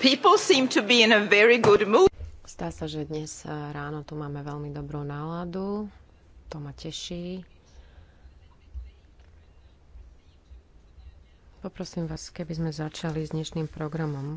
People seem to be in a very good mood. Zdá sa, že dnes eh, ráno tu máme veľmi dobrú náladu. To ma teší. Poprosím vás, keby sme začali s dnešným programom.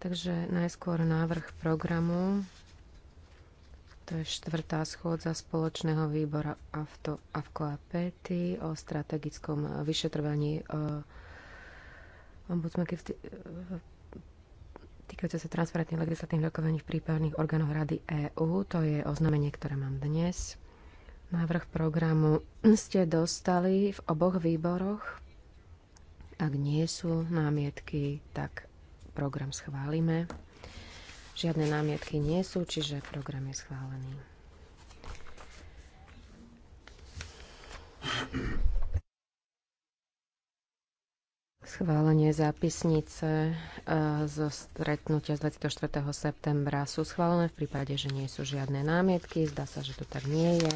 Takže najskôr návrh programu. To je štvrtá schôdza spoločného výbora Avto, Avko a Pety o strategickom eh, vyšetrovaní eh, ombudsmanky v týkajúce sa transparentných legislatívnych rokovaní v prípadných orgánoch Rady EÚ. To je oznámenie, ktoré mám dnes. Návrh programu ste dostali v oboch výboroch. Ak nie sú námietky, tak program schválime. Žiadne námietky nie sú, čiže program je schválený. Schválenie zápisnice e, zo stretnutia z 24. septembra sú schválené v prípade, že nie sú žiadne námietky. Zdá sa, že to tak nie je.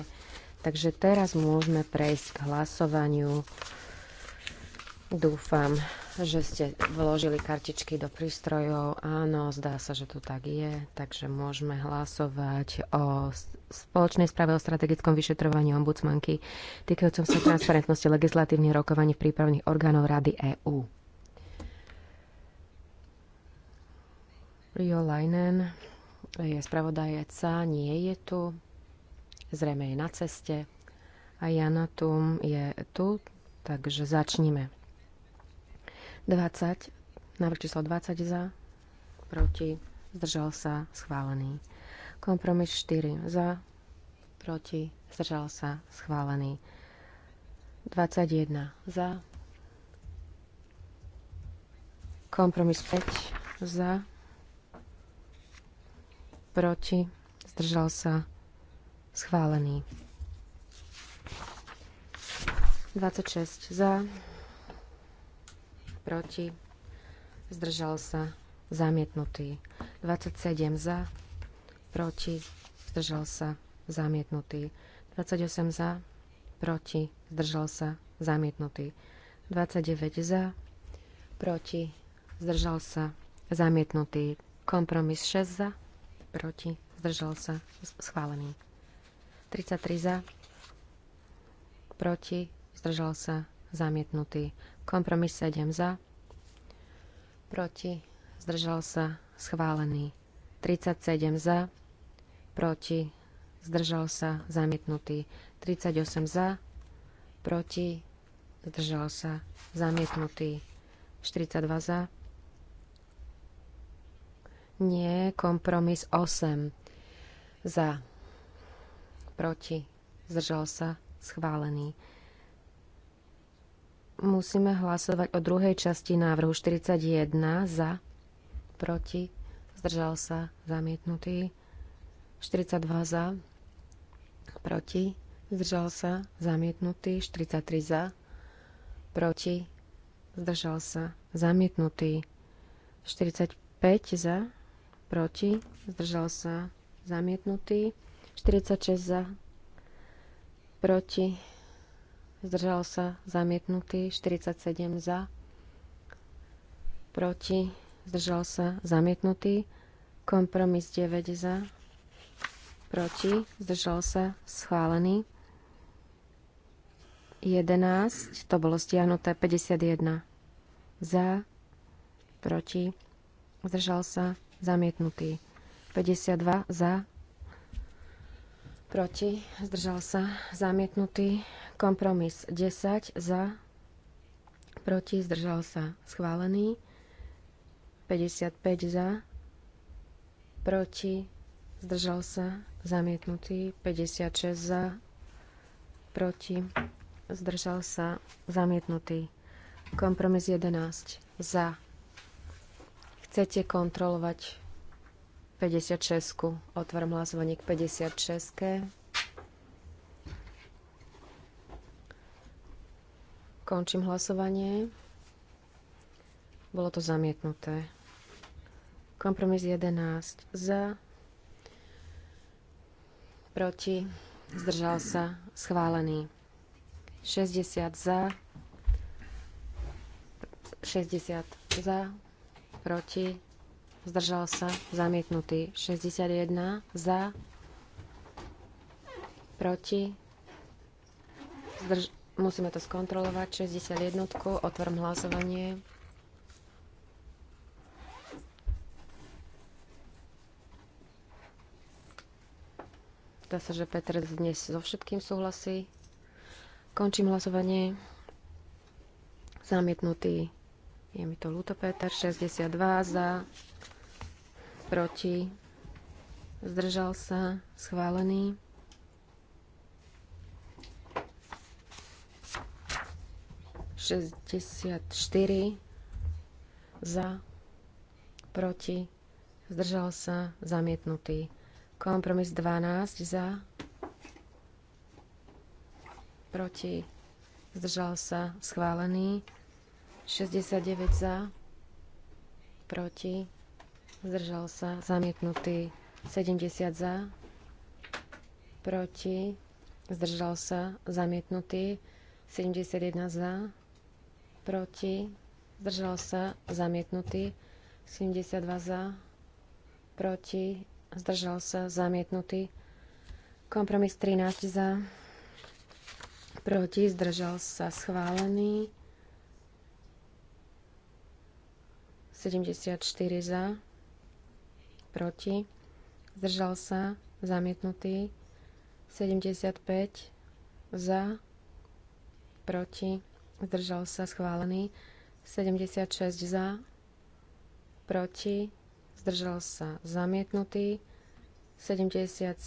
Takže teraz môžeme prejsť k hlasovaniu. Dúfam, že ste vložili kartičky do prístrojov. Áno, zdá sa, že to tak je, takže môžeme hlasovať o spoločnej správe o strategickom vyšetrovaní ombudsmanky týkajúcom sa transparentnosti legislatívnych rokovaní v prípravných orgánov Rady EÚ. Rio Leinen je spravodajca, nie je tu, zrejme je na ceste a Janatum je tu, takže začníme. 20. Návrh číslo 20 za. Proti. Zdržal sa. Schválený. Kompromis 4 za. Proti. Zdržal sa. Schválený. 21 za. Kompromis 5 za. Proti. Zdržal sa. Schválený. 26 za proti, zdržal sa, zamietnutý. 27 za, proti, zdržal sa, zamietnutý. 28 za, proti, zdržal sa, zamietnutý. 29 za, proti, zdržal sa, zamietnutý. Kompromis 6 za, proti, zdržal sa, schválený. 33 za, proti, zdržal sa, zamietnutý. Kompromis 7 za. Proti. Zdržal sa. Schválený. 37 za. Proti. Zdržal sa. Zamietnutý. 38 za. Proti. Zdržal sa. Zamietnutý. 42 za. Nie. Kompromis 8 za. Proti. Zdržal sa. Schválený musíme hlasovať o druhej časti návrhu 41 za, proti, zdržal sa, zamietnutý. 42 za, proti, zdržal sa, zamietnutý. 43 za, proti, zdržal sa, zamietnutý. 45 za, proti, zdržal sa, zamietnutý. 46 za, proti, zdržal sa, zamietnutý, 47 za, proti, zdržal sa, zamietnutý, kompromis 9 za, proti, zdržal sa, schválený, 11, to bolo stiahnuté, 51 za, proti, zdržal sa, zamietnutý, 52 za, proti, zdržal sa, zamietnutý. Kompromis 10 za, proti, zdržal sa, schválený. 55 za, proti, zdržal sa, zamietnutý. 56 za, proti, zdržal sa, zamietnutý. Kompromis 11 za. Chcete kontrolovať 56. Otváram hlasovanie k 56. Končím hlasovanie. Bolo to zamietnuté. Kompromis 11 za, proti, zdržal sa, schválený. 60 za, 60 za, proti, zdržal sa, zamietnutý. 61 za, proti, zdrž- musíme to skontrolovať, 61, otvorím hlasovanie. Zdá sa, že Peter dnes so všetkým súhlasí. Končím hlasovanie. Zamietnutý je mi to ľúto, Peter. 62 za, proti, zdržal sa, schválený. Šesťdesiat štyri za, proti, zdržal sa, zamietnutý. Kompromis 12 za, proti, zdržal sa, schválený. 69 za, proti, zdržal sa, zamietnutý. 70 za, proti, zdržal sa, zamietnutý. 71 za, proti, zdržal sa, zamietnutý. 72 za, proti, zdržal sa, zamietnutý. Kompromis 13 za, proti, zdržal sa, schválený. 74 za, proti, zdržal sa, zamietnutý, 75 za, proti, zdržal sa, schválený, 76 za, proti, zdržal sa, zamietnutý, 77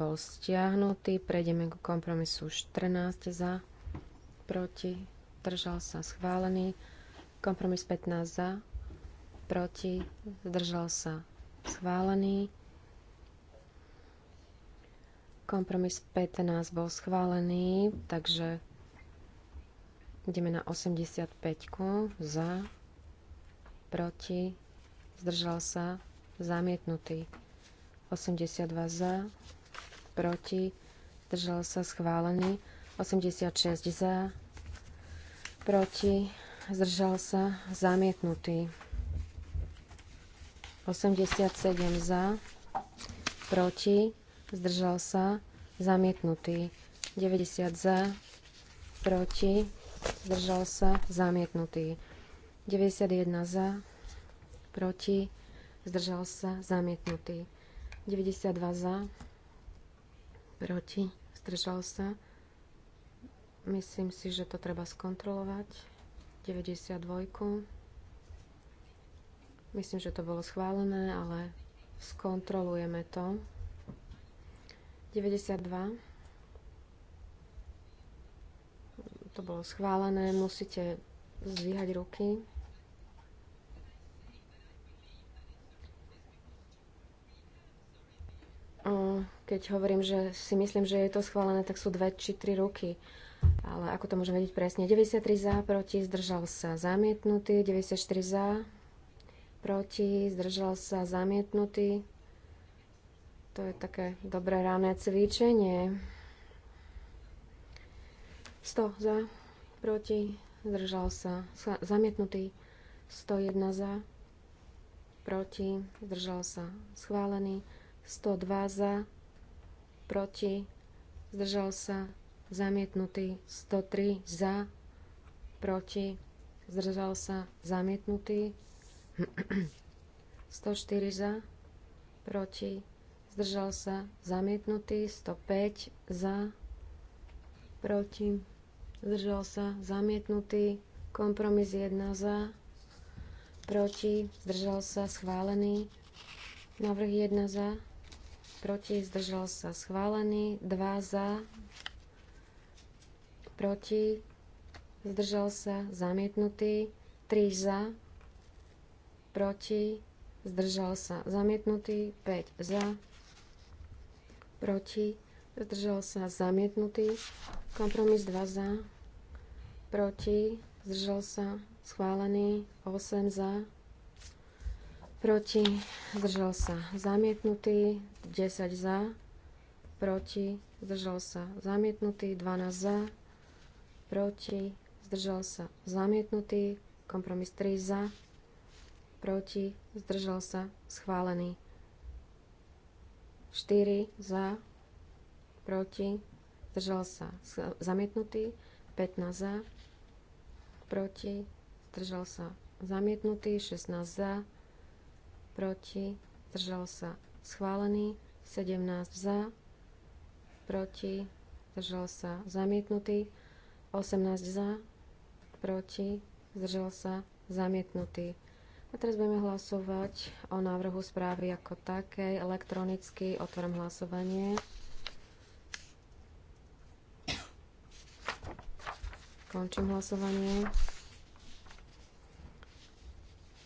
bol stiahnutý, prejdeme k kompromisu 14 za, proti, zdržal sa, schválený, kompromis 15 za, proti, zdržal sa schválený. Kompromis 15 bol schválený, takže ideme na 85 za, proti, zdržal sa, zamietnutý. 82 za, proti, zdržal sa, schválený. 86 za, proti, zdržal sa, zamietnutý. 87 za, proti, zdržal sa, zamietnutý. 90 za, proti, zdržal sa, zamietnutý. 91 za, proti, zdržal sa, zamietnutý. 92 za, proti, zdržal sa. Myslím si, že to treba skontrolovať. 92. Myslím, že to bolo schválené, ale skontrolujeme to. 92. To bolo schválené, musíte zdvíhať ruky. Keď hovorím, že si myslím, že je to schválené, tak sú dve či tri ruky. Ale ako to môžem vedieť presne? 93 za, proti, zdržal sa zamietnutý, 94 za, proti, zdržal sa zamietnutý. To je také dobré rané cvičenie. 100 za, proti, zdržal sa zamietnutý. 101 za, proti, zdržal sa schválený. 102 za, proti, zdržal sa zamietnutý. 103 za, proti, zdržal sa zamietnutý. 104 za, proti, zdržal sa, zamietnutý, 105 za, proti, zdržal sa, zamietnutý, kompromis 1 za, proti, zdržal sa, schválený, návrh 1 za, proti, zdržal sa, schválený, 2 za, proti, zdržal sa, zamietnutý, 3 za, proti, zdržal sa zamietnutý, 5 za, proti, zdržal sa zamietnutý, kompromis 2 za, proti, zdržal sa schválený, 8 za, proti, zdržal sa zamietnutý, 10 za, proti, zdržal sa zamietnutý, 12 za, proti, zdržal sa zamietnutý, kompromis 3 za, proti, zdržal sa, schválený. 4 za, proti, zdržal sa, zamietnutý. 15 za, proti, zdržal sa, zamietnutý. 16 za, proti, zdržal sa, schválený. 17 za, proti, zdržal sa, zamietnutý. 18 za, proti, zdržal sa, zamietnutý. A teraz budeme hlasovať o návrhu správy ako takej. Elektronicky otvorím hlasovanie. Končím hlasovanie.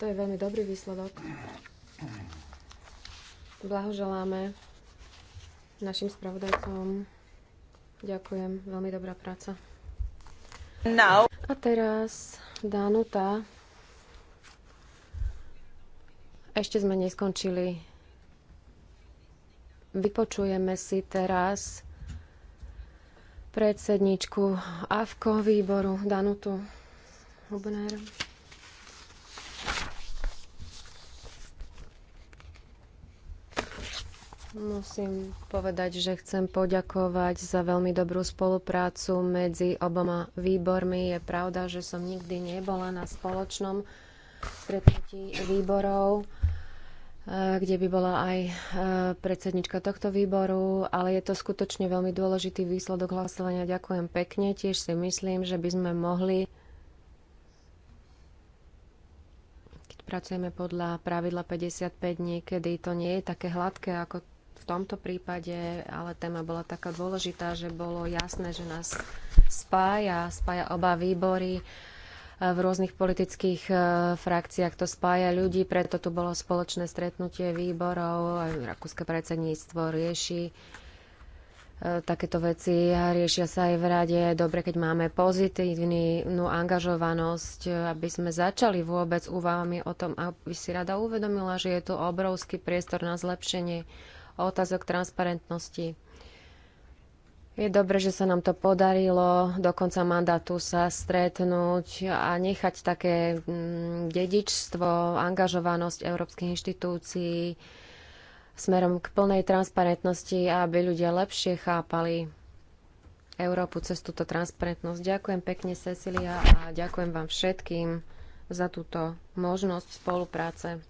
To je veľmi dobrý výsledok. Blahoželáme našim spravodajcom. Ďakujem, veľmi dobrá práca. A teraz Danuta ešte sme neskončili. Vypočujeme si teraz predsedničku AVKO výboru Danutu Hubner. Musím povedať, že chcem poďakovať za veľmi dobrú spoluprácu medzi oboma výbormi. Je pravda, že som nikdy nebola na spoločnom stretnutí výborov. Eh, kde by bola aj eh, predsednička tohto výboru, ale je to skutočne veľmi dôležitý výsledok hlasovania. Ďakujem pekne, tiež si myslím, že by sme mohli, keď pracujeme podľa pravidla 55, kedy to nie je také hladké ako v tomto prípade, ale téma bola taká dôležitá, že bolo jasné, že nás spája, spája oba výbory v rôznych politických e, frakciách. To spája ľudí, preto tu bolo spoločné stretnutie výborov. Aj rakúske predsedníctvo rieši e, takéto veci riešia sa aj v rade. Dobre, keď máme pozitívnu no, angažovanosť, e, aby sme začali vôbec úvahami o tom, aby si rada uvedomila, že je tu obrovský priestor na zlepšenie otázok transparentnosti. Je dobre, že sa nám to podarilo do konca mandátu sa stretnúť a nechať také mm, dedičstvo, angažovanosť európskych inštitúcií smerom k plnej transparentnosti, aby ľudia lepšie chápali Európu cez túto transparentnosť. Ďakujem pekne, Cecilia, a ďakujem vám všetkým za túto možnosť spolupráce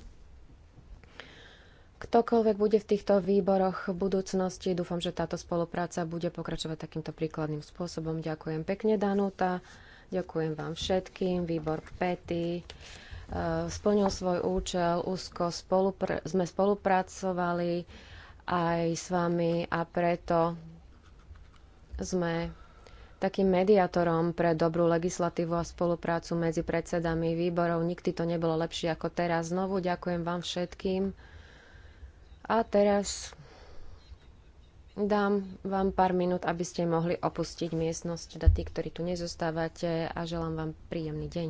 ktokoľvek bude v týchto výboroch v budúcnosti. Dúfam, že táto spolupráca bude pokračovať takýmto príkladným spôsobom. Ďakujem pekne, Danuta. Ďakujem vám všetkým. Výbor Pety eh, splnil svoj účel. Úzko spolupr- sme spolupracovali aj s vami a preto sme takým mediátorom pre dobrú legislatívu a spoluprácu medzi predsedami výborov. Nikdy to nebolo lepšie ako teraz. Znovu ďakujem vám všetkým. A teraz dám vám pár minút, aby ste mohli opustiť miestnosť, teda tí, ktorí tu nezostávate a želám vám príjemný deň.